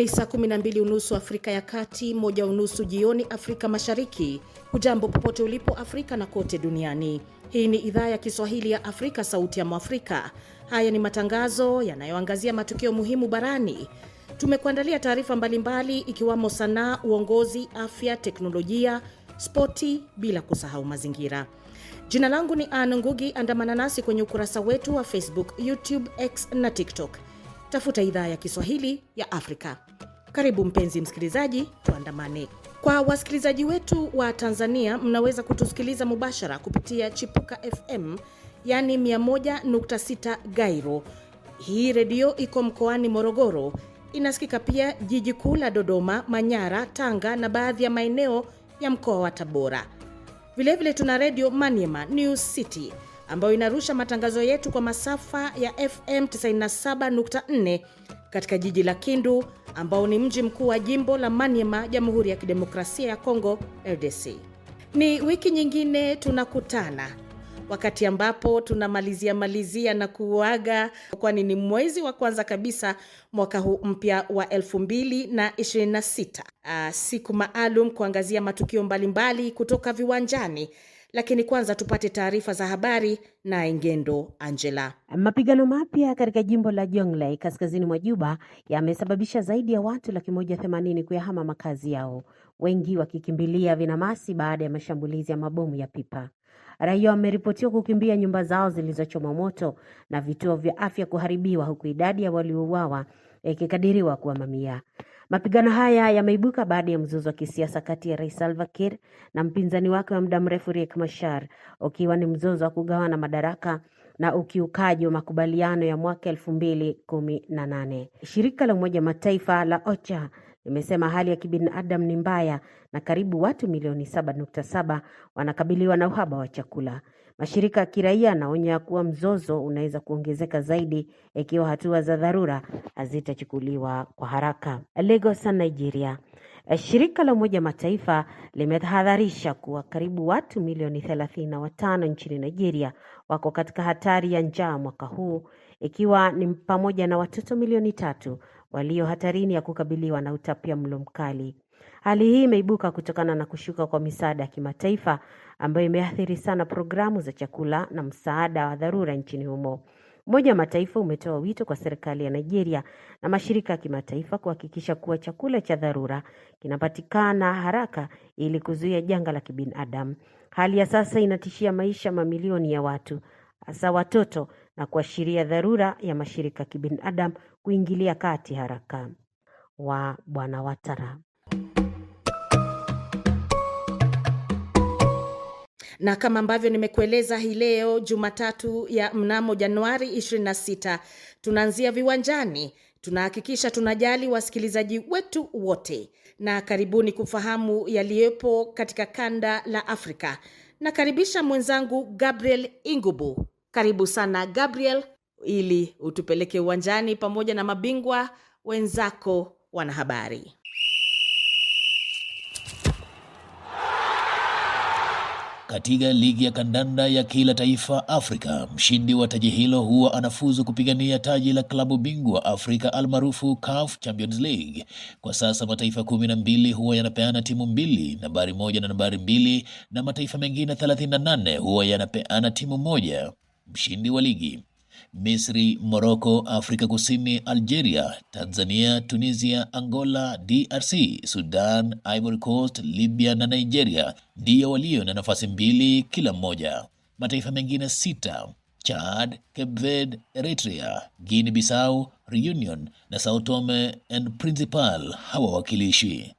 Ni saa 12 unusu Afrika ya Kati, moja unusu jioni Afrika Mashariki. Hujambo popote ulipo Afrika na kote duniani. Hii ni idhaa ya Kiswahili ya Afrika, Sauti ya Mwafrika. Haya ni matangazo yanayoangazia matukio muhimu barani. Tumekuandalia taarifa mbalimbali, ikiwamo sanaa, uongozi, afya, teknolojia, spoti, bila kusahau mazingira. Jina langu ni an Ngugi. Andamana nasi kwenye ukurasa wetu wa Facebook, YouTube, X na TikTok. Tafuta idhaa ya Kiswahili ya Afrika. Karibu mpenzi msikilizaji, tuandamane. Kwa wasikilizaji wetu wa Tanzania, mnaweza kutusikiliza mubashara kupitia Chipuka FM yani 101.6 Gairo. Hii redio iko mkoani Morogoro, inasikika pia jiji kuu la Dodoma, Manyara, Tanga na baadhi ya maeneo ya mkoa wa Tabora. Vilevile tuna redio Maniema New City ambayo inarusha matangazo yetu kwa masafa ya FM 97.4 katika jiji la Kindu ambao ni mji mkuu wa jimbo la Maniema, Jamhuri ya Kidemokrasia ya Kongo RDC. Ni wiki nyingine tunakutana wakati ambapo tunamalizia malizia na kuaga, kwani ni mwezi wa kwanza kabisa mwaka huu mpya wa 2026. Ah, siku maalum kuangazia matukio mbalimbali mbali kutoka viwanjani lakini kwanza tupate taarifa za habari na Engendo Angela. Mapigano mapya katika jimbo la Jonglei kaskazini mwa Juba yamesababisha zaidi ya watu laki moja themanini kuyahama makazi yao, wengi wakikimbilia vinamasi baada ya mashambulizi ya mabomu ya pipa. Raia wameripotiwa kukimbia nyumba zao zilizochoma moto na vituo vya afya kuharibiwa, huku idadi ya waliouawa ikikadiriwa kuwa mamia. Mapigano haya yameibuka baada ya mzozo wa kisiasa kati ya Rais Salva Kiir na mpinzani wake wa muda mrefu Riek Machar, ukiwa ni mzozo wa kugawana madaraka na ukiukaji wa makubaliano ya mwaka elfu mbili kumi na nane. Shirika la Umoja Mataifa la OCHA limesema hali ya kibinadamu ni mbaya na karibu watu milioni 7.7 wanakabiliwa na uhaba wa chakula. Mashirika ya kiraia yanaonya kuwa mzozo unaweza kuongezeka zaidi ikiwa hatua za dharura hazitachukuliwa kwa haraka. Lagos, Nigeria. Shirika la Umoja Mataifa limetahadharisha kuwa karibu watu milioni thelathini na watano nchini Nigeria wako katika hatari ya njaa mwaka huu ikiwa ni pamoja na watoto milioni tatu walio hatarini ya kukabiliwa na utapia mlo mkali. Hali hii imeibuka kutokana na kushuka kwa misaada ya kimataifa ambayo imeathiri sana programu za chakula na msaada wa dharura nchini humo. Umoja wa Mataifa umetoa wito kwa serikali ya Nigeria na mashirika ya kimataifa kuhakikisha kuwa chakula cha dharura kinapatikana haraka ili kuzuia janga la kibinadamu. Hali ya sasa inatishia maisha mamilioni ya watu, hasa watoto, na kuashiria dharura ya mashirika ya kibinadamu kuingilia kati haraka. wa Bwana Watara na kama ambavyo nimekueleza hii leo Jumatatu ya mnamo Januari 26 tunaanzia viwanjani tunahakikisha tunajali wasikilizaji wetu wote, na karibuni kufahamu yaliyopo katika kanda la Afrika. Nakaribisha mwenzangu Gabriel Ingubu. Karibu sana Gabriel, ili utupeleke uwanjani pamoja na mabingwa wenzako wanahabari. Katika ligi ya kandanda ya kila taifa Afrika, mshindi wa taji hilo huwa anafuzu kupigania taji la klabu bingwa Afrika almaarufu CAF Champions League. Kwa sasa mataifa kumi na mbili huwa yanapeana timu mbili, nambari moja na nambari mbili, na mataifa mengine 38 huwa yanapeana timu moja. Mshindi wa ligi Misri, morocco Afrika Kusini, Algeria, Tanzania, Tunisia, Angola, DRC, Sudan, Ivory Coast, Libya na Nigeria ndiyo walio na nafasi mbili kila mmoja. Mataifa mengine sita Chad, Cape Verde, Eritrea, Guinea Bissau, Reunion na Sao Tome and Principe hawawakilishi.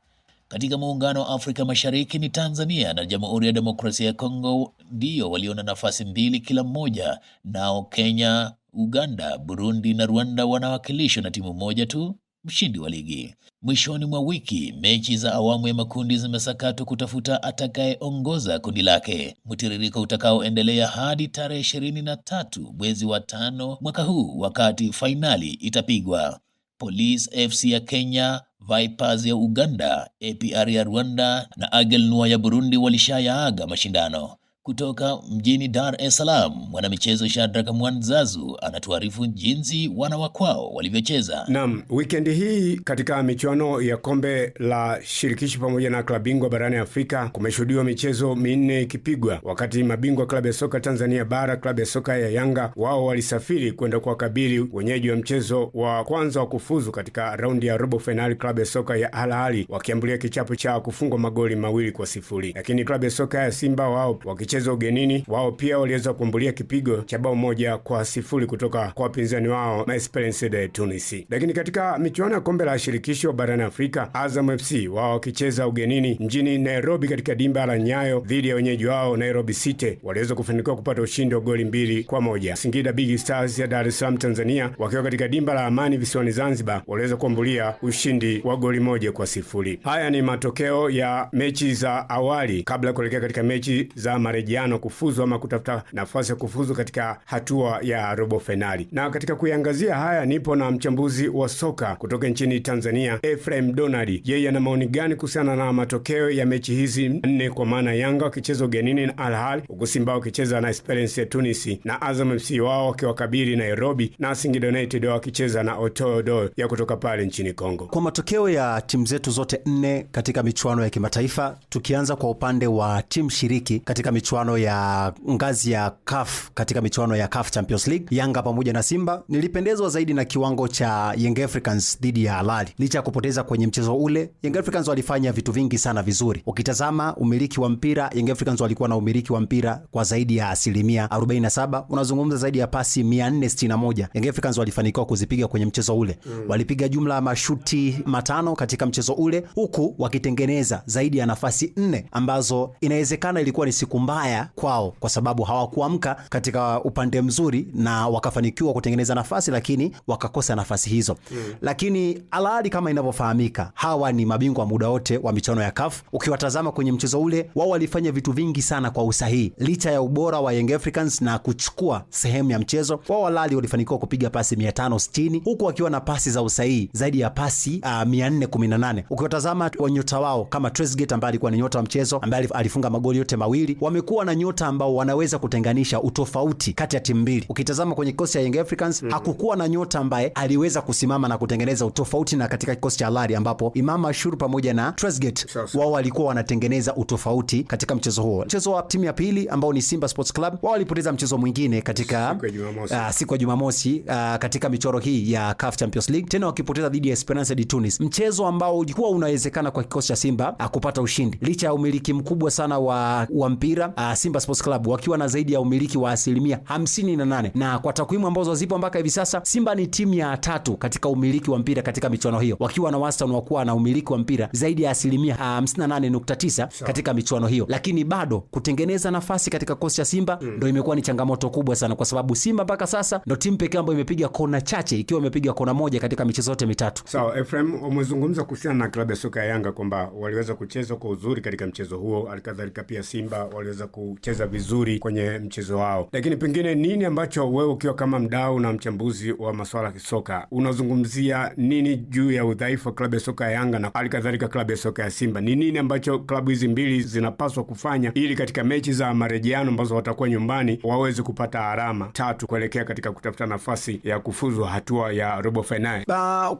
Katika muungano wa Afrika Mashariki ni Tanzania na Jamhuri ya Demokrasia ya Kongo ndiyo walio na nafasi mbili kila mmoja, nao Kenya, Uganda, Burundi na Rwanda wanawakilishwa na timu moja tu, mshindi wa ligi. Mwishoni mwa wiki, mechi za awamu ya makundi zimesakatwa kutafuta atakayeongoza kundi lake, mtiririko utakaoendelea hadi tarehe ishirini na tatu mwezi wa tano mwaka huu, wakati fainali itapigwa. Police FC ya Kenya, Vipers ya Uganda, APR ya Rwanda na Agelnua ya Burundi walishayaaga mashindano. Kutoka mjini Dar es Salaam, mwanamichezo Shadrack Mwanzazu anatuarifu jinsi wana wa kwao walivyocheza. Naam, wikendi hii katika michuano ya kombe la shirikisho pamoja na klabu bingwa barani Afrika kumeshuhudiwa michezo minne ikipigwa, wakati mabingwa klabu ya soka Tanzania bara klabu ya soka ya Yanga wao walisafiri kwenda kuwakabili wenyeji wa mchezo wa kwanza wa kufuzu katika raundi ya robo fainali klabu ya soka ya Al Ahly wakiambulia kichapo cha kufungwa magoli mawili kwa sifuri, lakini klabu ya soka ya Simba wao waki walicheza ugenini, wao pia waliweza kuambulia kipigo cha bao moja kwa sifuri kutoka kwa wapinzani wao Esperance de Tunis. Lakini katika michuano ya kombe la shirikisho barani Afrika, Azam FC wao wakicheza ugenini mjini Nairobi katika dimba la Nyayo dhidi ya wenyeji wao Nairobi City waliweza kufanikiwa kupata ushindi wa goli mbili kwa moja. Singida Big Stars ya Dar es Salaam Tanzania wakiwa katika dimba la Amani visiwani Zanzibar waliweza kuambulia ushindi wa goli moja kwa sifuri. Haya ni matokeo ya mechi za awali kabla ya kuelekea katika mechi za mare marejeano kufuzu ama kutafuta nafasi ya kufuzu katika hatua ya robo fainali. Na katika kuiangazia haya, nipo na mchambuzi wa soka kutoka nchini Tanzania, Ephraim Donald. Yeye ana maoni gani kuhusiana na matokeo ya mechi hizi nne, kwa maana Yanga wakicheza ugenini na Al Ahly, huku Simba wakicheza na Esperance ya Tunisi na Azam FC wao wakiwakabili Nairobi, na Singida United wakicheza na Otodo ya kutoka pale nchini Kongo. Kwa matokeo ya timu zetu zote nne katika michuano ya kimataifa, tukianza kwa upande wa timu shiriki katika michuano michuano ya ngazi ya CAF katika michuano ya CAF Champions League, Yanga pamoja na Simba, nilipendezwa zaidi na kiwango cha Young Africans dhidi ya Al Ahly. Licha ya kupoteza kwenye mchezo ule, Young Africans walifanya vitu vingi sana vizuri. Ukitazama umiliki wa mpira, Young Africans walikuwa na umiliki wa mpira kwa zaidi ya asilimia 47, unazungumza zaidi ya pasi 461 Young Africans walifanikiwa kuzipiga kwenye mchezo ule mm. Walipiga jumla ya mashuti matano katika mchezo ule, huku wakitengeneza zaidi ya nafasi nne ambazo inawezekana ilikuwa ni siku mbaya mbaya kwao, kwa sababu hawakuamka katika upande mzuri na wakafanikiwa kutengeneza nafasi, lakini wakakosa nafasi hizo mm. Lakini al kama inavyofahamika, hawa ni mabingwa muda wote wa michano ya CAF. Ukiwatazama kwenye mchezo ule, wao walifanya vitu vingi sana kwa usahihi, licha ya ubora wa Young Africans na kuchukua sehemu ya mchezo wao. al walifanikiwa kupiga pasi 560 huku wakiwa na pasi za usahihi zaidi ya pasi uh, ah, 418. Ukiwatazama wanyota wao kama Trezeguet ambaye alikuwa ni nyota wa mchezo ambaye alifunga magoli yote mawili, wamekuwa hakukuwa na nyota ambao wanaweza kutenganisha utofauti kati ya timu mbili. Ukitazama kwenye kikosi cha Young Africans mm. hakukuwa na nyota ambaye aliweza kusimama na kutengeneza utofauti, na katika kikosi cha lari ambapo Imam Ashur pamoja na Trezeguet wao walikuwa wanatengeneza utofauti katika mchezo huo. Mchezo wa timu ya pili ambao ni Simba Sports Club wao walipoteza mchezo mwingine katika siku ya Jumamosi uh, katika michoro hii ya CAF Champions League tena wakipoteza dhidi ya Esperance de Tunis, mchezo ambao ulikuwa unawezekana kwa kikosi cha Simba uh, kupata ushindi licha ya umiliki mkubwa sana wa, wa mpira uh, Simba Sports Club wakiwa na zaidi ya umiliki wa asilimia 58, na kwa takwimu ambazo zipo mpaka hivi sasa, Simba ni timu ya tatu katika umiliki wa mpira katika michuano hiyo, wakiwa na wastani wa kuwa na umiliki wa mpira zaidi ya asilimia 58.9 uh, katika michuano hiyo, lakini bado kutengeneza nafasi katika kosi ya Simba mm, ndo imekuwa ni changamoto kubwa sana, kwa sababu Simba mpaka sasa ndo timu pekee ambayo imepiga kona chache, ikiwa imepiga kona moja katika michezo yote mitatu. Sawa, Efrem, umezungumza kuhusiana na klabu ya soka ya Yanga kwamba waliweza kucheza kwa uzuri katika mchezo huo, alikadhalika pia Simba waliweza kucheza vizuri kwenye mchezo wao. Lakini pengine nini ambacho wewe ukiwa kama mdau na mchambuzi wa masuala ya kisoka unazungumzia nini juu ya udhaifu wa klabu ya soka ya Yanga na hali kadhalika klabu ya soka ya Simba? Ni nini ambacho klabu hizi mbili zinapaswa kufanya ili katika mechi za marejeano ambazo watakuwa nyumbani waweze kupata alama tatu kuelekea katika kutafuta nafasi ya kufuzwa hatua ya robo fainali?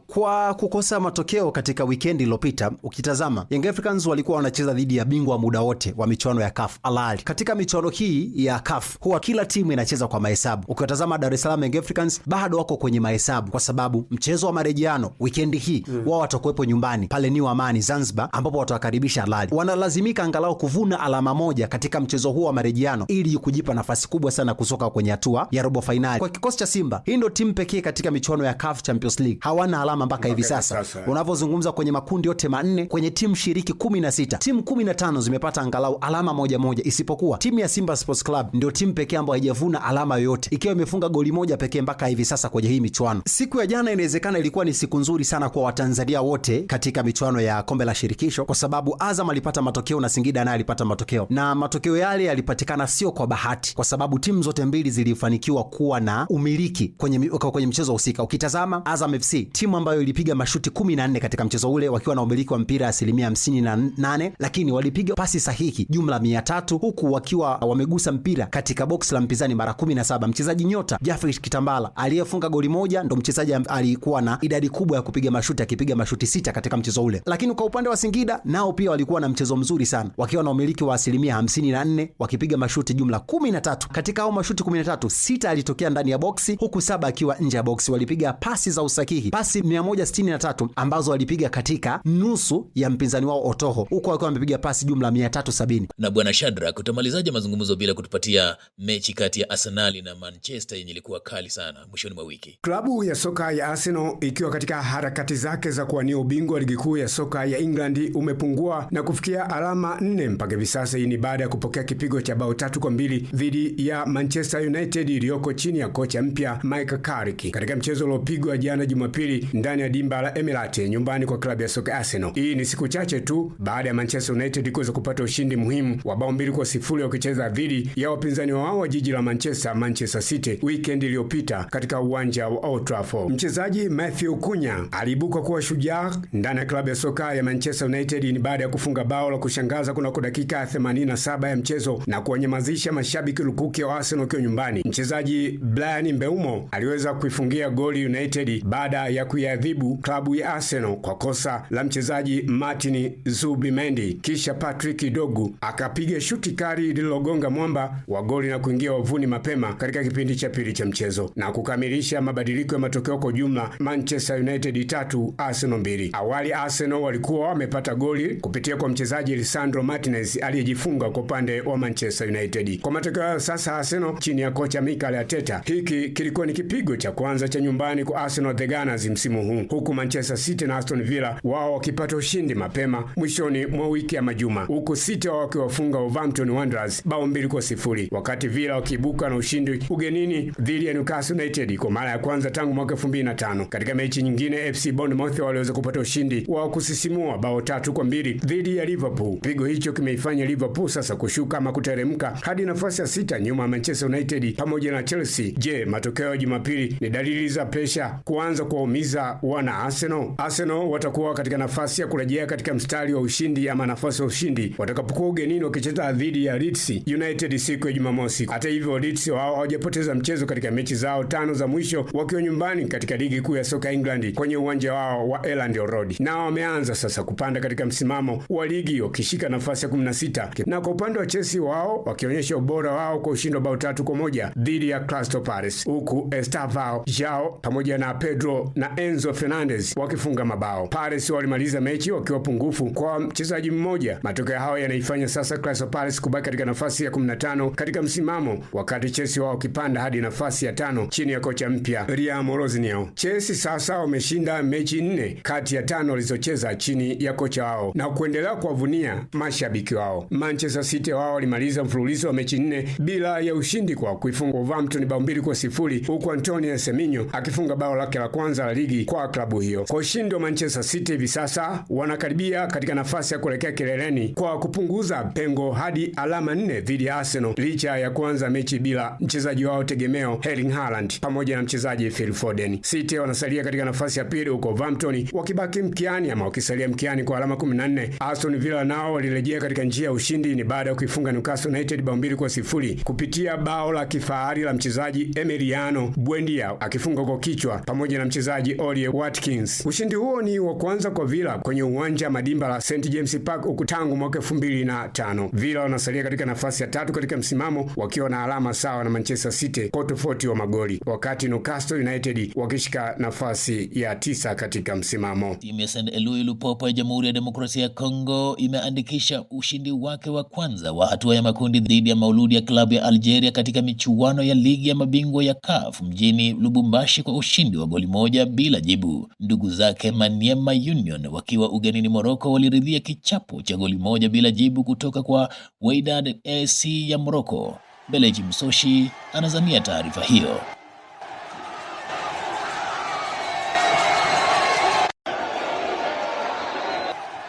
Kwa kukosa matokeo katika wikendi iliyopita, ukitazama Young Africans walikuwa wanacheza dhidi ya bingwa muda wote wa michuano ya CAF Al mbalimbali. Katika michuano hii ya CAF huwa kila timu inacheza kwa mahesabu. Ukiwatazama Dar es Salaam Young Africans bado wako kwenye mahesabu, kwa sababu mchezo wa marejeano wikendi hii mm. wao watakuwepo nyumbani pale ni Amani Zanzibar, ambapo watawakaribisha Al Ahly. Wanalazimika angalau kuvuna alama moja katika mchezo huo wa marejeano ili kujipa nafasi kubwa sana kusoka kwenye hatua ya robo fainali. Kwa kikosi cha Simba, hii ndio timu pekee katika michuano ya CAF Champions League hawana alama mpaka hivi sasa unavyozungumza, kwenye makundi yote manne kwenye timu shiriki 16 timu 15 zimepata angalau alama moja moja isi isipokuwa timu ya Simba Sports Club ndio timu pekee ambayo haijavuna alama yoyote ikiwa imefunga goli moja pekee mpaka hivi sasa kwenye hii michuano. Siku ya jana inawezekana ilikuwa ni siku nzuri sana kwa Watanzania wote katika michuano ya kombe la shirikisho, kwa sababu Azam alipata matokeo na Singida naye alipata matokeo, na matokeo yale yalipatikana sio kwa bahati, kwa sababu timu zote mbili zilifanikiwa kuwa na umiliki kwenye, kwenye mchezo husika. Ukitazama Azam FC timu ambayo ilipiga mashuti 14 katika mchezo ule wakiwa na umiliki wa mpira asilimia 58, lakini walipiga pasi sahihi jumla 300 huku wakiwa wamegusa mpira katika box la mpinzani mara 17. Mchezaji nyota Jafrey Kitambala aliyefunga goli moja ndo mchezaji alikuwa na idadi kubwa ya kupiga mashuti akipiga mashuti sita katika mchezo ule. Lakini kwa upande wa Singida nao pia walikuwa na mchezo mzuri sana wakiwa na umiliki wa asilimia 54 wakipiga mashuti jumla 13. Katika hao mashuti 13, sita alitokea ndani ya boksi huku saba akiwa nje ya boksi. Walipiga pasi za usahihi pasi 163 ambazo walipiga katika nusu ya mpinzani wao Otoho, huku wakiwa wamepiga pasi jumla 370 na bwana Shadrack Utamalizaje mazungumzo bila kutupatia mechi kati ya Arsenali na Manchester yenye ilikuwa kali sana mwishoni mwa wiki? Klabu ya soka ya Arsenal ikiwa katika harakati zake za kuwania ubingwa wa ligi kuu ya soka ya England umepungua na kufikia alama nne mpaka hivi sasa. Hii ni baada ya kupokea kipigo cha bao tatu kwa mbili dhidi ya Manchester United iliyoko chini ya kocha mpya Mike Carrick katika mchezo uliopigwa jana Jumapili ndani ya dimba la Emirates nyumbani kwa klabu ya soka Arsenal. Hii ni siku chache tu baada ya Manchester United kuweza kupata ushindi muhimu wa bao mbili kwa sifuri wakicheza dhidi ya wapinzani wao wa jiji la Manchester, Manchester City weekend iliyopita katika uwanja wa Old Trafford. Mchezaji Matthew Kunya aliibuka kuwa shujaa ndani ya klabu ya soka ya Manchester United ni baada ya kufunga bao la kushangaza kunako dakika ya 87 ya mchezo na kuwanyamazisha mashabiki lukuki wa Arsenal wakiwa nyumbani. Mchezaji Brian Mbeumo aliweza kuifungia goli United baada ya kuiadhibu klabu ya Arsenal kwa kosa la mchezaji Martin Zubimendi, kisha Patrick Dogu akapiga shuti Bakari lililogonga mwamba wa goli na kuingia wavuni mapema katika kipindi cha pili cha mchezo na kukamilisha mabadiliko ya matokeo kwa jumla, Manchester United tatu Arsenal mbili. Awali Arsenal walikuwa wamepata goli kupitia kwa mchezaji Lisandro Martinez aliyejifunga kwa upande wa Manchester United. Kwa matokeo hayo sasa, Arsenal chini ya kocha Mikel Arteta, hiki kilikuwa ni kipigo cha kwanza cha nyumbani kwa Arsenal the Gunners msimu huu, huku Manchester City na Aston Villa wao wakipata ushindi mapema mwishoni mwa wiki ya majuma, huku City wao wakiwafunga Wolverhampton Wanderers bao mbili kwa sifuri wakati Villa wakiibuka na ushindi ugenini dhidi ya Newcastle United kwa mara ya kwanza tangu mwaka 2005. Katika mechi nyingine, FC Bournemouth waliweza kupata ushindi wa kusisimua bao tatu kwa mbili dhidi ya Liverpool. Pigo hicho kimeifanya Liverpool sasa kushuka ama kuteremka hadi nafasi ya sita nyuma ya Manchester United pamoja na Chelsea. Je, matokeo ya Jumapili ni dalili za pesha kuanza kuwaumiza wana Arsenal? Arsenal watakuwa katika nafasi ya kurejea katika mstari wa ushindi ama nafasi ya ushindi watakapokuwa ugenini wakicheza dhidi ya Leeds United siku ya Jumamosi. Hata hivyo, Leeds wao hawajapoteza mchezo katika mechi zao tano za mwisho wakiwa nyumbani katika ligi kuu ya soka England kwenye uwanja wao wa Elland Road, na wameanza sasa kupanda katika msimamo wa ligi wakishika nafasi ya 16, na kwa upande wa Chelsea wao wakionyesha ubora wao kwa ushindi wa bao tatu kwa moja dhidi ya Crystal Palace, huku Estevao jao pamoja na Pedro na Enzo Fernandez wakifunga mabao. Palace walimaliza mechi wakiwa pungufu kwa mchezaji mmoja. Matokeo hayo yanaifanya sasa Crystal Palace kubaki katika nafasi ya 15 katika msimamo, wakati Chelsea wao wakipanda hadi nafasi ya tano chini ya kocha mpya Ria Morozinho. Chelsea sasa wameshinda mechi nne kati ya tano walizocheza chini ya kocha wao na kuendelea kuwavunia mashabiki wao. Manchester City wao walimaliza mfululizo wa mechi nne bila ya ushindi kwa kuifunga Wolverhampton bao mbili kwa sifuri huku Antonio Semenyo akifunga bao lake la kwanza la ligi kwa klabu hiyo. Kwa ushindi wa Manchester City hivi sasa wanakaribia katika nafasi ya kuelekea kileleni kwa kupunguza pengo hadi alama nne dhidi ya Arsenal licha ya kuanza mechi bila mchezaji wao tegemeo Erling Haaland pamoja na mchezaji Phil Foden. City wanasalia katika nafasi ya pili huko Wolverhampton wakibaki mkiani ama wakisalia mkiani kwa alama 14. Aston Villa nao walirejea katika njia ya ushindi ni baada ya kuifunga Newcastle United bao mbili kwa sifuri kupitia bao la kifahari la mchezaji Emiliano Buendia akifunga kwa kichwa pamoja na mchezaji Ollie Watkins. Ushindi huo ni wa kwanza kwa Villa kwenye uwanja madimba la St James Park huku tangu mwaka 2005. Villa wanasalia katika nafasi ya tatu katika msimamo wakiwa na alama sawa na Manchester City kwa tofauti wa magoli, wakati Newcastle United wakishika nafasi ya tisa katika msimamo. Timu ya Saint Louis Lupopo ya Jamhuri ya Demokrasia ya Kongo imeandikisha ushindi wake wa kwanza wa hatua ya makundi dhidi ya Mauludi ya klabu ya Algeria katika michuano ya ligi ya mabingwa ya CAF mjini Lubumbashi kwa ushindi wa goli moja bila jibu. Ndugu zake Maniema Union wakiwa ugenini Morocco waliridhia kichapo cha goli moja bila jibu kutoka kwa we Wydad AC ya Morocco. Beleji Msoshi anazamia taarifa hiyo.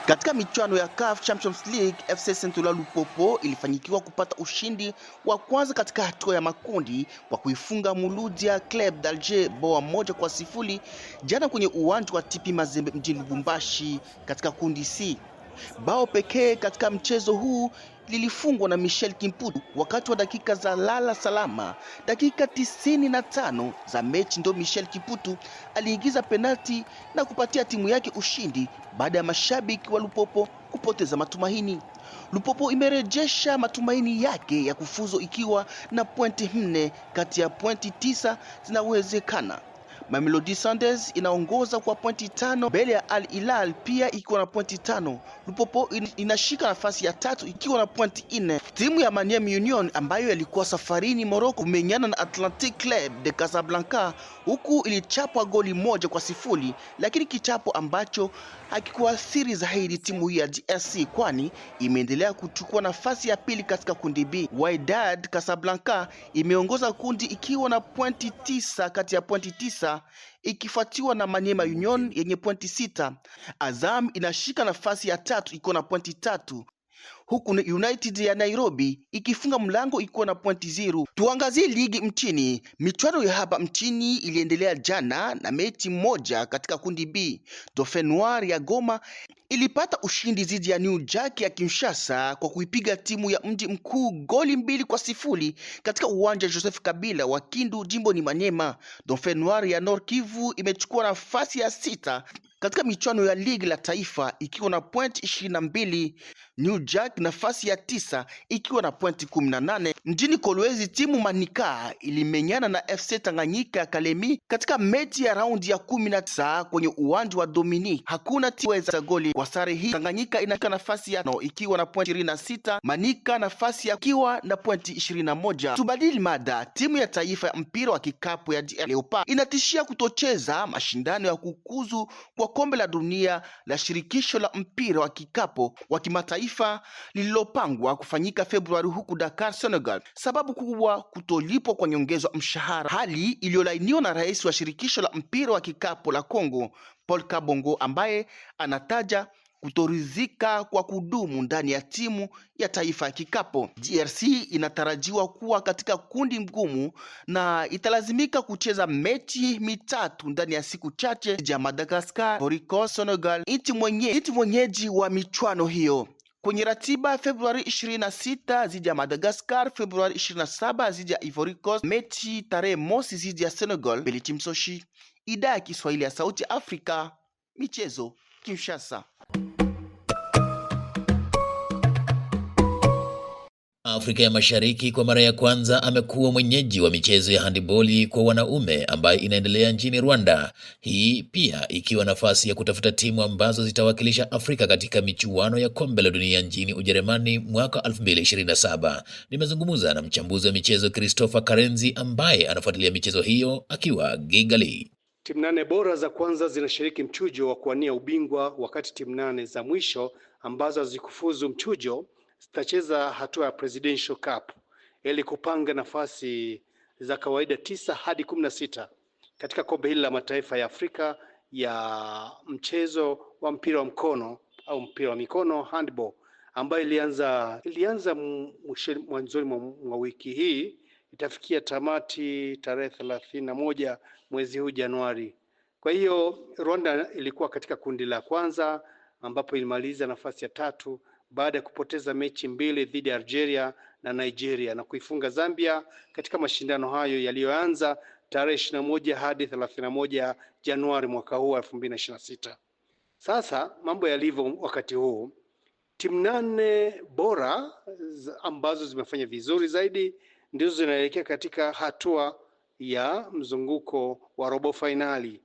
Katika michuano ya CAF Champions League, FC Sentola Lupopo ilifanyikiwa kupata ushindi wa kwanza katika hatua ya makundi kwa kuifunga Muludia Club d'Alger bao moja kwa sifuri jana kwenye uwanja wa TP Mazembe mjini Lubumbashi katika kundi C. Bao pekee katika mchezo huu lilifungwa na Michel Kimputu wakati wa dakika za lala salama. Dakika tisini na tano za mechi ndo Michel Kimputu aliingiza penalti na kupatia timu yake ushindi baada ya mashabiki wa Lupopo kupoteza matumaini. Lupopo imerejesha matumaini yake ya kufuzu ikiwa na pointi nne kati ya pointi tisa zinawezekana. Mamelodi Sundowns inaongoza kwa pointi tano mbele ya Al Hilal pia ikiwa na pointi tano. Lupopo in, inashika nafasi ya tatu ikiwa na pointi nne. Timu ya Maniema Union ambayo yalikuwa safarini Morocco kumenyana na Atlantic Club de Casablanca, huku ilichapwa goli moja kwa sifuri, lakini kichapo ambacho hakikuathiri zaidi timu hii ya GSC kwani imeendelea kuchukua nafasi ya pili katika kundi B. Wydad Casablanca imeongoza kundi ikiwa na pointi tisa kati ya pointi tisa ikifuatiwa na Manyema Union yenye pointi sita. Azam inashika nafasi ya tatu ikiwa na pointi tatu huku United ya Nairobi ikifunga mlango ikiwa na pointi zero. Tuangazie ligi mtini. Michuano ya hapa mtini iliendelea jana na mechi moja katika kundi B. Dauphin Noir ya Goma ilipata ushindi dhidi ya New Jack ya Kinshasa kwa kuipiga timu ya mji mkuu goli mbili kwa sifuri katika uwanja Joseph Kabila wa Kindu, jimbo ni Manyema. Dauphin Noir ya Nord Kivu imechukua nafasi ya sita katika michuano ya ligi la taifa ikiwa na point 22, na mbili. New Jack nafasi ya tisa ikiwa na point kumi Mjini Kolwezi timu Manika ilimenyana na FC Tanganyika ya Kalemi katika mechi ya raundi ya kumi kwenye uwanja wa Dominic. Hakuna timu za goli kwa sare hii. Tanganyika inashika nafasi ya no ikiwa na point 26, Manika nafasi ya ikiwa na point 21. Tubadili mada, timu ya taifa ya mpira wa kikapu ya DR Leopards inatishia kutocheza mashindano ya kukuzu kwa kombe la dunia la shirikisho la mpira wa kikapo wa kimataifa lililopangwa kufanyika Februari huku Dakar, Senegal. Sababu kubwa kutolipwa kwa nyongezwa mshahara, hali iliyolainiwa na rais wa shirikisho la mpira wa kikapo la Kongo Paul Kabongo ambaye anataja kutorizika kwa kudumu ndani ya timu ya taifa ya kikapo. DRC inatarajiwa kuwa katika kundi mgumu na italazimika kucheza mechi mitatu ndani ya siku chache ya Madagascar, Morocco, Senegal, nchi mwenye, mwenyeji wa michuano hiyo kwenye ratiba Februari 26 zidi ya Madagascar, Februari 27 zidi ya Ivory Coast, mechi tarehe mosi zidi ya Senegal. Belichi Msoshi, idhaa ya Kiswahili ya Sauti Afrika, michezo, Kinshasa. Afrika ya Mashariki kwa mara ya kwanza amekuwa mwenyeji wa michezo ya handiboli kwa wanaume ambayo inaendelea nchini Rwanda, hii pia ikiwa nafasi ya kutafuta timu ambazo zitawakilisha Afrika katika michuano ya kombe la dunia nchini Ujerumani mwaka 2027. Nimezungumza na mchambuzi wa michezo Christopher Karenzi ambaye anafuatilia michezo hiyo akiwa Kigali. Timu nane bora za kwanza zinashiriki mchujo wa kuwania ubingwa, wakati timu nane za mwisho ambazo hazikufuzu mchujo zitacheza hatua ya Presidential Cup ili kupanga nafasi za kawaida tisa hadi kumi na sita katika kombe hili la mataifa ya Afrika ya mchezo wa mpira wa mkono au mpira wa mikono handball, ambayo ilianza ilianza mwanzoni mwa wiki hii, itafikia tamati tarehe thelathini na moja mwezi huu Januari. Kwa hiyo Rwanda ilikuwa katika kundi la kwanza ambapo ilimaliza nafasi ya tatu baada ya kupoteza mechi mbili dhidi ya Algeria na Nigeria na kuifunga Zambia katika mashindano hayo yaliyoanza tarehe ishirini na moja hadi thelathini na moja Januari mwaka huu elfu mbili na ishirini na sita. Sasa mambo yalivyo wakati huu, timu nane bora ambazo zimefanya vizuri zaidi ndizo zinaelekea katika hatua ya mzunguko wa robo fainali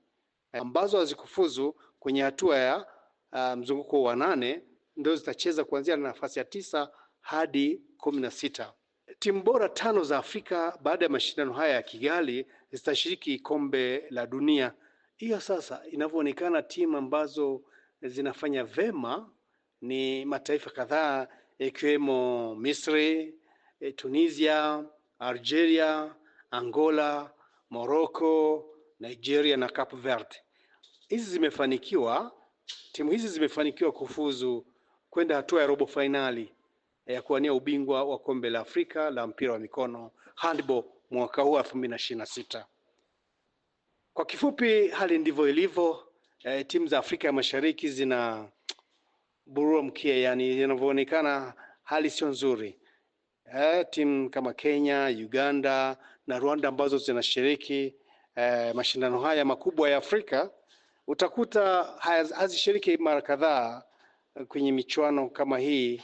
ambazo hazikufuzu kwenye hatua ya uh, mzunguko wa nane ndio zitacheza kuanzia na nafasi ya tisa hadi kumi na sita. Timu bora tano za Afrika baada ya mashindano haya ya Kigali zitashiriki kombe la dunia. Hiyo sasa inavyoonekana, timu ambazo zinafanya vema ni mataifa kadhaa ikiwemo Misri, e, Tunisia, Algeria, Angola, Morocco, Nigeria na Cape Verde. Hizi zimefanikiwa, timu hizi zimefanikiwa kufuzu kwenda hatua ya robo fainali eh, ya kuwania ubingwa wa kombe la Afrika la mpira wa mikono handball mwaka huu elfu mbili na ishirini na sita. Kwa kifupi, hali ndivyo ilivyo. E, timu za Afrika ya Mashariki zina burua mkia, yani inavyoonekana hali sio nzuri. E, timu kama Kenya, Uganda na Rwanda ambazo zinashiriki e, mashindano haya makubwa ya Afrika utakuta hazishiriki mara kadhaa kwenye michuano kama hii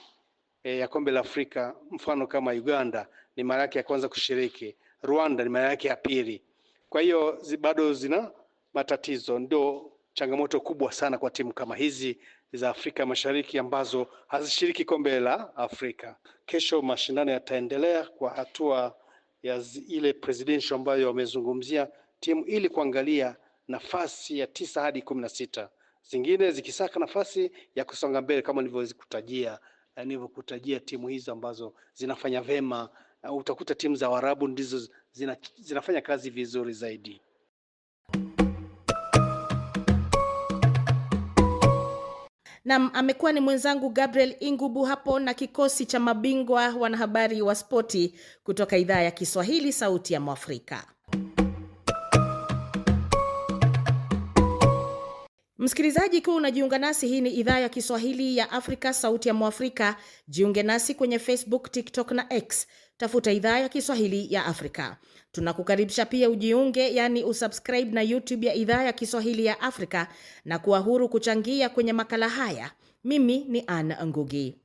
e, ya kombe la Afrika, mfano kama Uganda ni mara yake ya kwanza kushiriki, Rwanda ni mara yake ya pili. Kwa hiyo zi, bado zina matatizo, ndio changamoto kubwa sana kwa timu kama hizi za Afrika Mashariki ambazo hazishiriki kombe la Afrika. Kesho mashindano yataendelea kwa hatua ya ile presidential ambayo wamezungumzia timu ili kuangalia nafasi ya tisa hadi kumi na sita zingine zikisaka nafasi ya kusonga mbele kama nilivyokutajia eh, nilivyokutajia timu hizo ambazo zinafanya vema. Eh, utakuta timu za warabu ndizo zina, zinafanya kazi vizuri zaidi. Nam amekuwa ni mwenzangu Gabriel Ingubu hapo na kikosi cha mabingwa wanahabari wa spoti kutoka idhaa ya Kiswahili Sauti ya Mwafrika. Msikilizaji, ikiwa unajiunga nasi, hii ni idhaa ya Kiswahili ya Afrika, sauti ya Mwafrika. Jiunge nasi kwenye Facebook, TikTok na X, tafuta idhaa ya Kiswahili ya Afrika. Tunakukaribisha pia ujiunge, yaani usubscribe na YouTube ya idhaa ya Kiswahili ya Afrika na kuwa huru kuchangia kwenye makala haya. Mimi ni Ann Ngugi.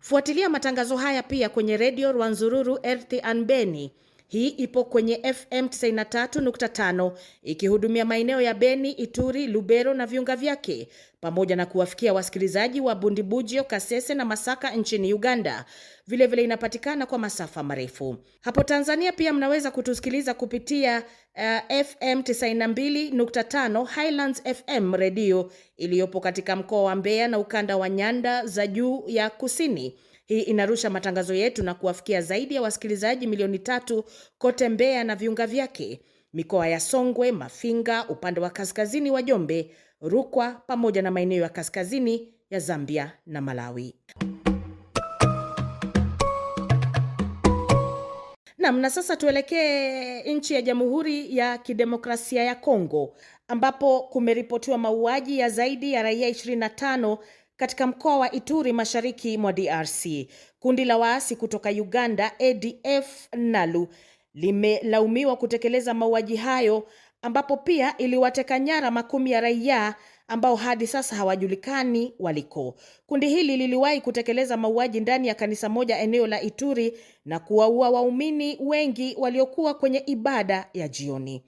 Fuatilia matangazo haya pia kwenye redio Rwanzururu RTN Beni hii ipo kwenye FM 93.5 ikihudumia maeneo ya Beni, Ituri, Lubero na viunga vyake pamoja na kuwafikia wasikilizaji wa Bundibujio, Kasese na Masaka nchini Uganda. Vilevile vile inapatikana kwa masafa marefu. Hapo Tanzania pia mnaweza kutusikiliza kupitia uh, FM 92.5 Highlands FM redio iliyopo katika mkoa wa Mbeya na ukanda wa nyanda za juu ya kusini. Hii inarusha matangazo yetu na kuwafikia zaidi ya wasikilizaji milioni tatu kote Mbeya na viunga vyake, mikoa ya Songwe, Mafinga, upande wa kaskazini wa Jombe, Rukwa pamoja na maeneo ya kaskazini ya Zambia na Malawi. Nam, na sasa tuelekee nchi ya Jamhuri ya Kidemokrasia ya Kongo ambapo kumeripotiwa mauaji ya zaidi ya raia 25 katika mkoa wa Ituri mashariki mwa DRC. Kundi la waasi kutoka Uganda ADF Nalu limelaumiwa kutekeleza mauaji hayo ambapo pia iliwateka nyara makumi ya raia ambao hadi sasa hawajulikani waliko. Kundi hili liliwahi kutekeleza mauaji ndani ya kanisa moja eneo la Ituri na kuwaua waumini wengi waliokuwa kwenye ibada ya jioni.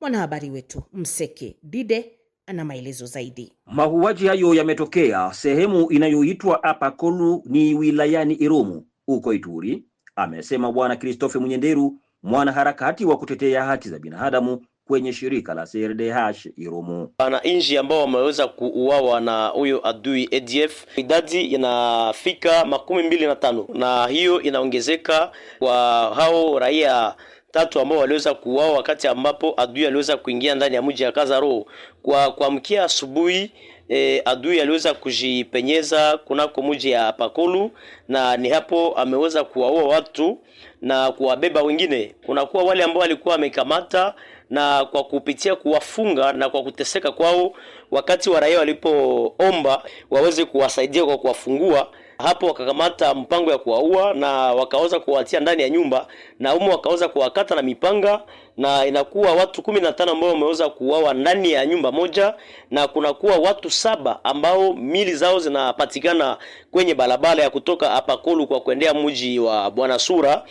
Mwanahabari wetu Mseke Dide ana maelezo zaidi. Mauaji hayo yametokea sehemu inayoitwa Apakolu ni wilayani Irumu huko Ituri, amesema Bwana kristofe Munyenderu, mwanaharakati wa kutetea haki za binadamu kwenye shirika la CRDH Irumu. Wananchi ambao wameweza kuuawa na huyo adui ADF idadi inafika makumi mbili na tano na hiyo inaongezeka kwa hao raia tatu ambao waliweza kuuawa wakati ambapo adui aliweza kuingia ndani ya mji ya Kazaro. Kwa kuamkia asubuhi e, adui aliweza kujipenyeza kunako mji ya Pakulu na ni hapo ameweza kuwaua watu na kuwabeba wengine. Kunakuwa wale ambao walikuwa wamekamata na kwa kupitia kuwafunga na kwa kuteseka kwao, wakati wa raia walipoomba waweze kuwasaidia kwa kuwafungua hapo wakakamata mpango ya kuwaua na wakaweza kuwatia ndani ya nyumba na umo wakaweza kuwakata na mipanga, na inakuwa watu kumi na tano ambao wameweza kuuawa ndani ya nyumba moja, na kunakuwa watu saba ambao mili zao zinapatikana kwenye barabara ya kutoka hapa Kolu kwa kuendea mji wa Bwana Sura.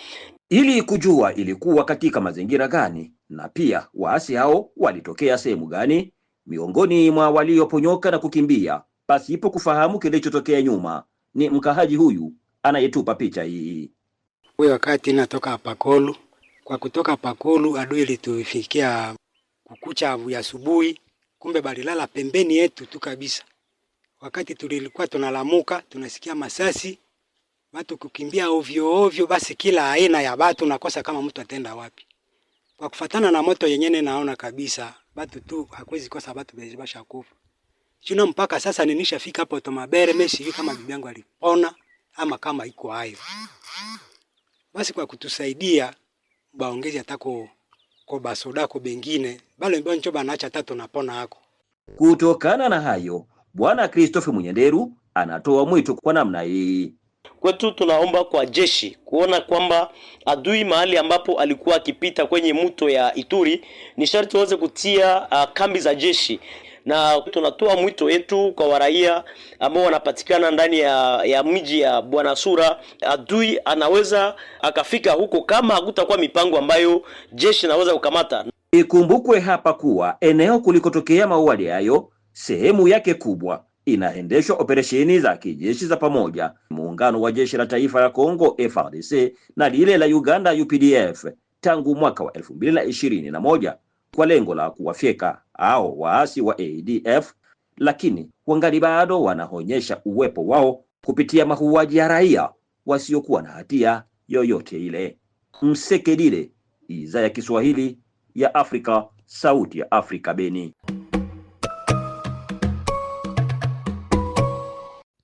Ili kujua ilikuwa katika mazingira gani na pia waasi hao walitokea sehemu gani, miongoni mwa walioponyoka na kukimbia pasipo kufahamu kilichotokea nyuma ni mkahaji huyu anayetupa picha hii. Huyo wakati natoka Pakolu, kwa kutoka Pakolu adui litufikia kukucha avu ya asubuhi, kumbe balilala pembeni yetu tu kabisa. Wakati tulilikuwa tunalamuka, tunasikia masasi, watu kukimbia ovyo ovyo, basi kila aina ya watu nakosa kama mtu atenda wapi. Kwa kufatana na moto yenyene, naona kabisa watu tu hakuwezi kosa watu bashakufa Chino mpaka sasa ninishafika hapo Tomabere, mimi sijui kama bibi yangu alipona ama kama iko hayo. Basi kwa kutusaidia baongeze atako kwa basoda kwa bengine bale mbona ncho banacha tatu napona hako. Kutokana na hayo, Bwana Christophe Munyenderu anatoa mwito kwa namna hii. Kwetu tunaomba kwa jeshi kuona kwamba adui mahali ambapo alikuwa akipita kwenye mto ya Ituri ni sharti waweze kutia uh, kambi za jeshi na tunatoa mwito wetu kwa waraia ambao wanapatikana ndani ya, ya mji ya Bwana Sura. Adui anaweza akafika huko kama hakutakuwa mipango ambayo jeshi inaweza kukamata. Ikumbukwe hapa kuwa eneo kulikotokea mauaji hayo sehemu yake kubwa inaendeshwa operesheni za kijeshi za pamoja, muungano wa jeshi la taifa la Kongo frdc na lile la Uganda UPDF tangu mwaka wa elfu mbili na ishirini na moja kwa lengo la kuwafyeka au waasi wa ADF, lakini wangali bado wanaonyesha uwepo wao kupitia mauaji ya raia wasiokuwa na hatia yoyote ile. Msekedile, idhaa ya Kiswahili ya Afrika, Sauti ya Afrika, Beni.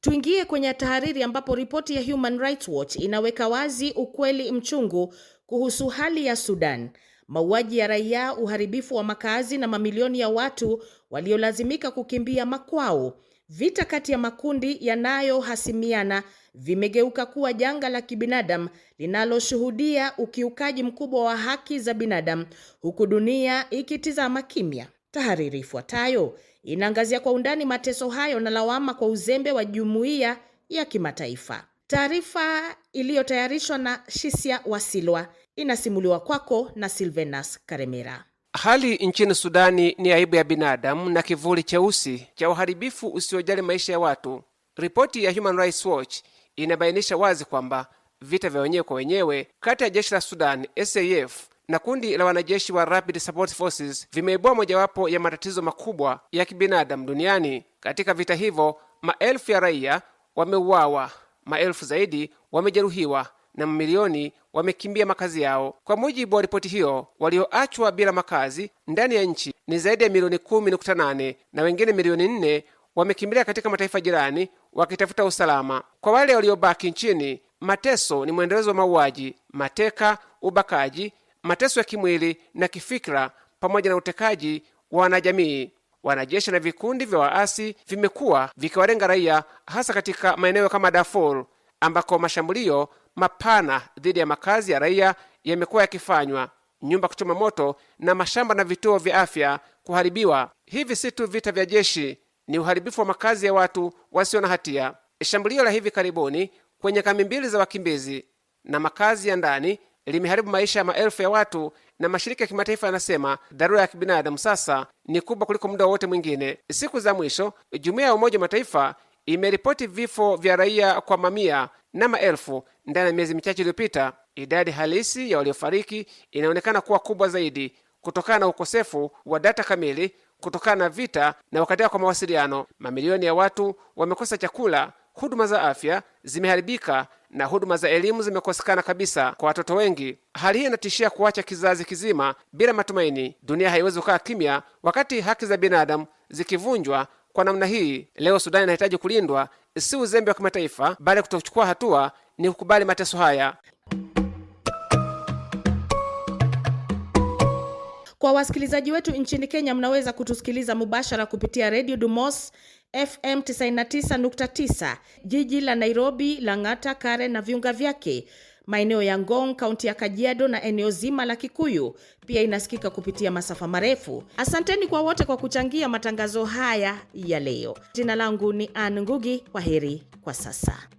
Tuingie kwenye tahariri ambapo ripoti ya Human Rights Watch inaweka wazi ukweli mchungu kuhusu hali ya Sudan mauaji ya raia, uharibifu wa makazi na mamilioni ya watu waliolazimika kukimbia makwao. Vita kati ya makundi yanayohasimiana vimegeuka kuwa janga la kibinadamu linaloshuhudia ukiukaji mkubwa wa haki za binadamu, huku dunia ikitizama kimya. Tahariri ifuatayo inaangazia kwa undani mateso hayo na lawama kwa uzembe wa jumuiya ya kimataifa. Taarifa iliyotayarishwa na Shisia Wasilwa inasimuliwa kwako na Silvenas Karemera. Hali nchini Sudani ni aibu ya binadamu na kivuli cheusi cha uharibifu usiojali maisha ya watu. Ripoti ya Human Rights Watch inabainisha wazi kwamba vita vya wenyewe kwa wenyewe kati ya jeshi la Sudani SAF na kundi la wanajeshi wa Rapid Support Forces vimeibua mojawapo ya matatizo makubwa ya kibinadamu duniani. Katika vita hivyo, maelfu ya raia wameuawa, maelfu zaidi wamejeruhiwa na mamilioni wamekimbia makazi yao. Kwa mujibu wa ripoti hiyo, walioachwa bila makazi ndani ya nchi ni zaidi ya milioni 18 na wengine milioni 4 wamekimbilia katika mataifa jirani wakitafuta usalama. Kwa wale waliobaki nchini, mateso ni mwendelezo wa mauaji, mateka, ubakaji, mateso ya kimwili na kifikira pamoja na utekaji wa wanajamii. Wanajeshi na vikundi vya waasi vimekuwa vikiwalenga raia, hasa katika maeneo kama Darfur ambako mashambulio mapana dhidi ya makazi ya raia yamekuwa yakifanywa, nyumba kuchoma moto na mashamba na vituo vya afya kuharibiwa. Hivi si tu vita vya jeshi, ni uharibifu wa makazi ya watu wasio na hatia. Shambulio la hivi karibuni kwenye kambi mbili za wakimbizi na makazi ya ndani limeharibu maisha ya maelfu ya watu, na mashirika ya kimataifa yanasema dharura ya kibinadamu sasa ni kubwa kuliko muda wowote mwingine. Siku za mwisho, jumuiya ya Umoja wa Mataifa imeripoti vifo vya raia kwa mamia na maelfu ndani ya miezi michache iliyopita, idadi halisi ya waliofariki inaonekana kuwa kubwa zaidi kutokana na ukosefu wa data kamili kutokana na vita na kukatika kwa mawasiliano. Mamilioni ya watu wamekosa chakula, huduma za afya zimeharibika na huduma za elimu zimekosekana kabisa kwa watoto wengi. Hali hii inatishia kuacha kizazi kizima bila matumaini. Dunia haiwezi kukaa kimya wakati haki za binadamu zikivunjwa kwa namna hii. Leo Sudani inahitaji kulindwa si uzembe wa kimataifa, baada ya kutochukua hatua ni kukubali mateso haya. Kwa wasikilizaji wetu nchini Kenya, mnaweza kutusikiliza mubashara kupitia redio Dumos FM 99.9 jiji la Nairobi, Lang'ata, Karen na viunga vyake maeneo ya Ngong, kaunti ya Kajiado na eneo zima la Kikuyu. Pia inasikika kupitia masafa marefu. Asanteni kwa wote kwa kuchangia matangazo haya ya leo. Jina langu ni an Ngugi. Kwa heri kwa sasa.